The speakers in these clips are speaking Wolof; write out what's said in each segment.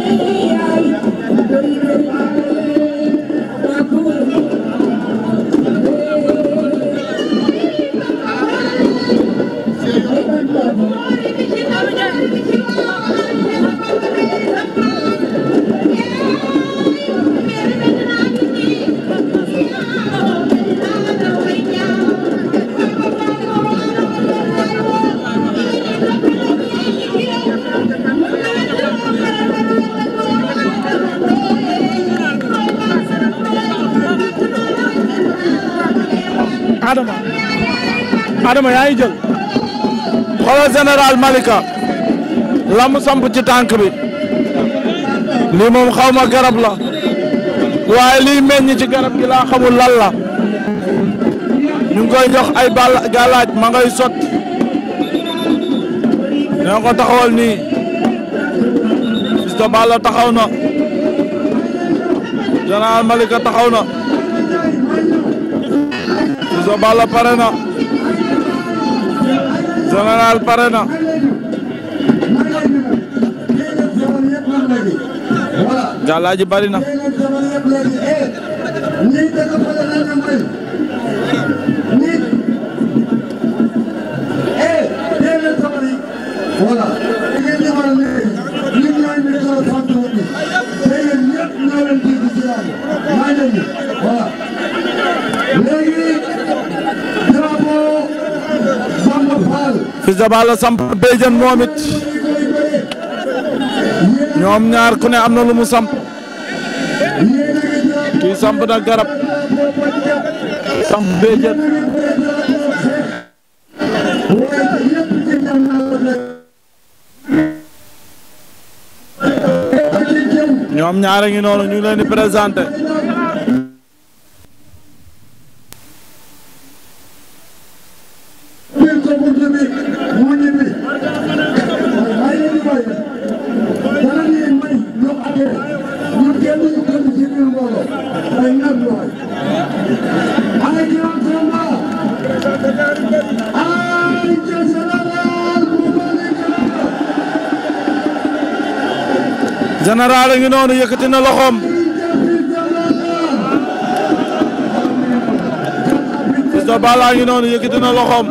Thank you. Adama Adama yaa ngi jël. xoolal Malika. lamb samp ci tànk bi. lii xawma garab la. waaye liy meññ ci garab gi laa xamul lan la. ñu ngi jox ay bal galaaj ma ngay sot. ñoo ko taxawal nii. Fils de Balla taxaw na. général Malika taxaw na. Fils Fils bari na Fils de samp Béjjën moom it ñoom ñaar ku ne am na lu mu samp kii samp na garab samp Béjjën ñoom ñaar a ngi noonu ñu ngi leen di présenté. doole day ñam doole ay Grand Tamba ay général bu Malick général a ngi noonu yëkkati na loxoom Fils de Balla a ngi noonu yëkkati na loxoom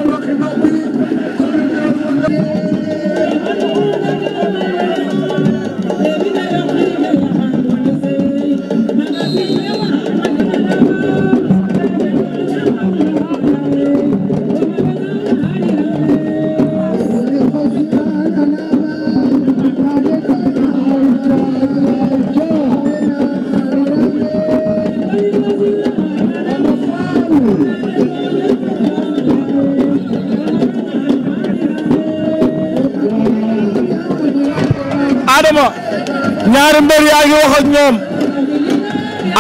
Adama ñaari mbër yaa ngi wax ak ñoom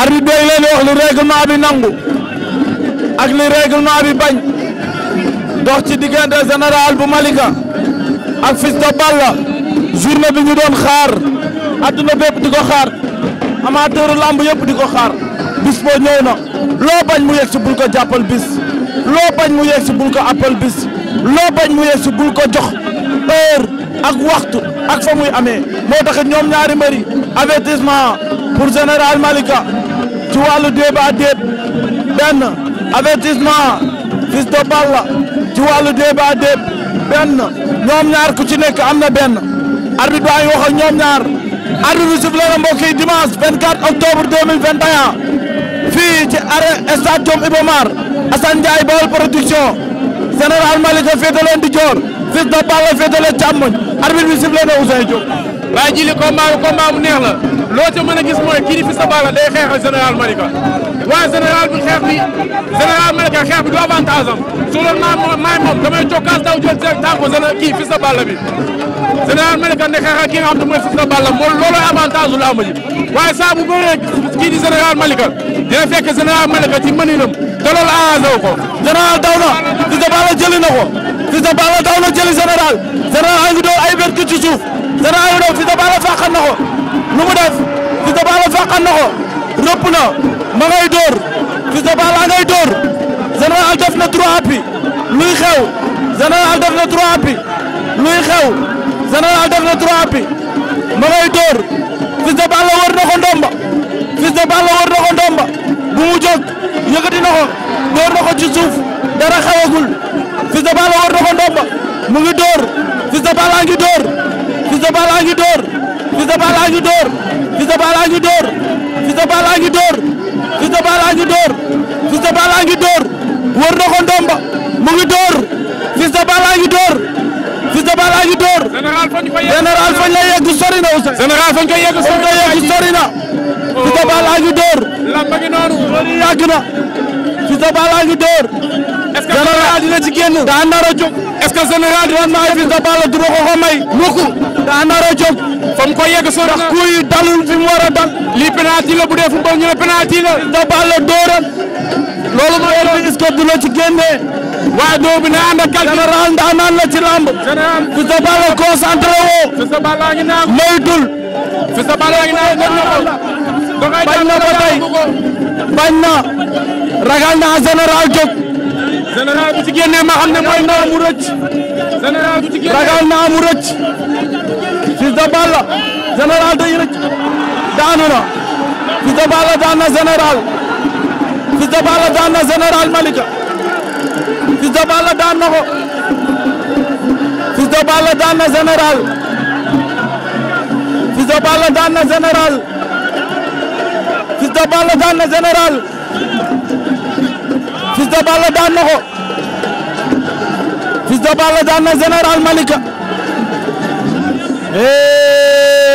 arbitre bi wax li règlement bi nangu ak li règlement bi bañ dox ci diggante général bu Malika ak Fils de Balla journée bi ñu doon xaar adduna bépp di ko xaar amateur lamb yëpp di ko xaar bis boo ñëw na loo bañ mu yegg si bul ko jàppal bis loo bañ mu yegg si bul ko appal bis loo bañ mu yegg si bul ko jox heure ak waxtu ak fa muy amee moo tax ñoom ñaari mbëri avertissement pour général Malika ci wàllu débat déet benn avertissement fils de Balla ci wàllu débat benn ñoom ñaar ku ci nekk am na benn arbitre baa ngi wax ak ñoom ñaar arbitre bi sifflé na mbokk yi dimanche 24 octobre 2021 fii ci arène stadium Iba Mar Assane Ndiaye Baol production général Malika di joor Fils de Balla féetale càmmoñ arbitre bi sifflé na Ousseyn Diop waaye jili combat bi combat bu neex la loo ca mën a gis mooy kii di Fils de Balla day xeexal général Malika waaye général bi xeex bi général Malika xeex bi du avantage su doon naa maay moom damay cokkaas daw jël seen tànk général kii Fils de Balla bi général Malika ne xeexal ki nga xam ne mooy Fils de Balla moom looloo avantage waaye saa bu bëree kii Malika dina fekk général Malika ci mëninam te loolu arrangé wu Fils de Balla daw na jëli général a ay benn ci suuf général a ngi doon de Balla lu mu def Fils de Balla fàqan na na ma ngay dóor Fils de Balla ngay dóor général def na trois appuis luy xew général def na trois appuis luy xew général def na trois appuis ma ngay dóor Fils de war na ko ndomba général fañ koy yegg fañ koy na Fils de Balla a dóor lamb ngi na Fils de Balla a dóor est-ce que général dina ci génn daa nar a Amara Diop fam ko yegg so ndax kuy dalul fi mu war a dal lii penalty la bu dee football ñu ne la da la dóoram loolu mooy erreur est ci génne waaye doo na ànd ak calcul ci lamb fi sa la concentré woo fi sa fi sa la ngi naan bañ na ba bañ na ragal na général Diop général bu ci génne ma de Balla général day rëcc daanu na Fils de Balla daan na général Fils de Balla daan na général Malika Fils de Balla daan na ko Fils de Balla daan na général Fils de Balla daan na général Fils de Balla daan na général Fils de Balla daan na ko Fils de Balla daan na général Malika Hey!